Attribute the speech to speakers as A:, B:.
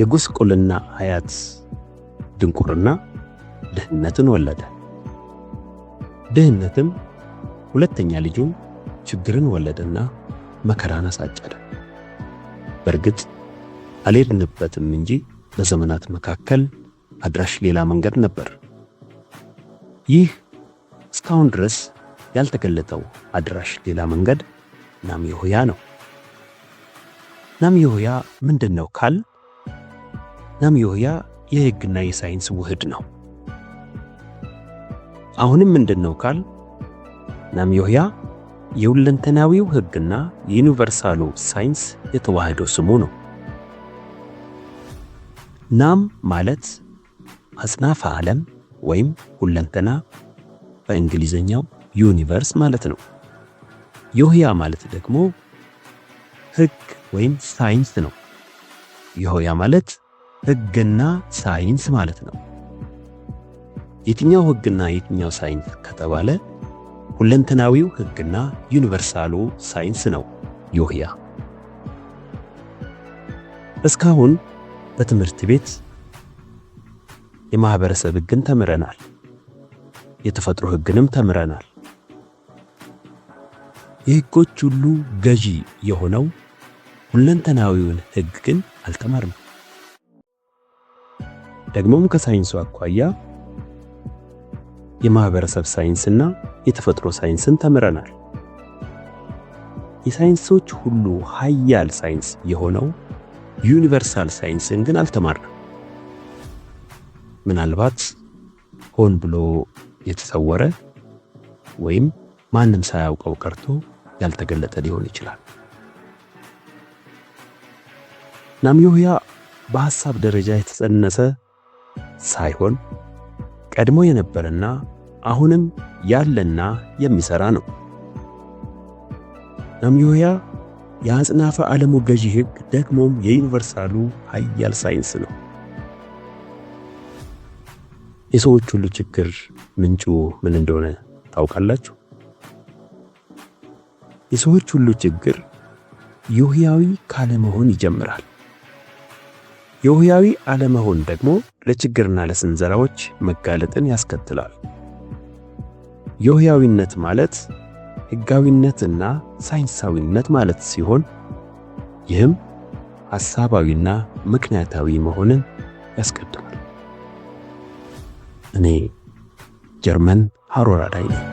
A: የጉስቁልና አያት ድንቁርና ድህነትን ወለደ። ድህነትም ሁለተኛ ልጁን ችግርን ወለደና መከራን አሳጨደ። በእርግጥ አልሄድንበትም እንጂ በዘመናት መካከል አድራሽ ሌላ መንገድ ነበር። ይህ እስካሁን ድረስ ያልተገለጠው አድራሽ ሌላ መንገድ ናም ነው። ናም የሆያ ምንድን ነው ካል ናምዮህያ የሕግና የሳይንስ ውህድ ነው። አሁንም ምንድን ነው ካል ናምዮህያ የሁለንተናዊው ሕግና የዩኒቨርሳሉ ሳይንስ የተዋህደው ስሙ ነው። ናም ማለት አጽናፈ ዓለም ወይም ሁለንተና በእንግሊዘኛው ዩኒቨርስ ማለት ነው። ዮህያ ማለት ደግሞ ሕግ ወይም ሳይንስ ነው። ዮህያ ማለት ህግና ሳይንስ ማለት ነው። የትኛው ህግና የትኛው ሳይንስ ከተባለ ሁለንተናዊው ህግና ዩኒቨርሳሉ ሳይንስ ነው። ዮህያ እስካሁን በትምህርት ቤት የማህበረሰብ ህግን ተምረናል። የተፈጥሮ ህግንም ተምረናል። የህጎች ሁሉ ገዢ የሆነው ሁለንተናዊውን ህግ ግን አልተማርም። ደግሞም ከሳይንሱ አኳያ የማህበረሰብ ሳይንስና የተፈጥሮ ሳይንስን ተምረናል። የሳይንሶች ሁሉ ሀያል ሳይንስ የሆነው ዩኒቨርሳል ሳይንስን ግን አልተማርንም። ምናልባት ሆን ብሎ የተሰወረ ወይም ማንም ሳያውቀው ቀርቶ ያልተገለጠ ሊሆን ይችላል። ናምዮህያ በሐሳብ ደረጃ የተጸነሰ ሳይሆን ቀድሞ የነበረና አሁንም ያለና የሚሰራ ነው። ናምዮያ የአጽናፈ ዓለሙ ገዢ ሕግ ደግሞም የዩኒቨርሳሉ ኃያል ሳይንስ ነው። የሰዎች ሁሉ ችግር ምንጩ ምን እንደሆነ ታውቃላችሁ? የሰዎች ሁሉ ችግር ዮህያዊ ካለመሆን ይጀምራል። የውህያዊ አለመሆን ደግሞ ለችግርና ለስንዘራዎች መጋለጥን ያስከትላል። የውህያዊነት ማለት ሕጋዊነትና ሳይንሳዊነት ማለት ሲሆን ይህም ሐሳባዊና ምክንያታዊ መሆንን ያስቀድማል። እኔ ጀርመን ሀሮራ ላይ ነኝ።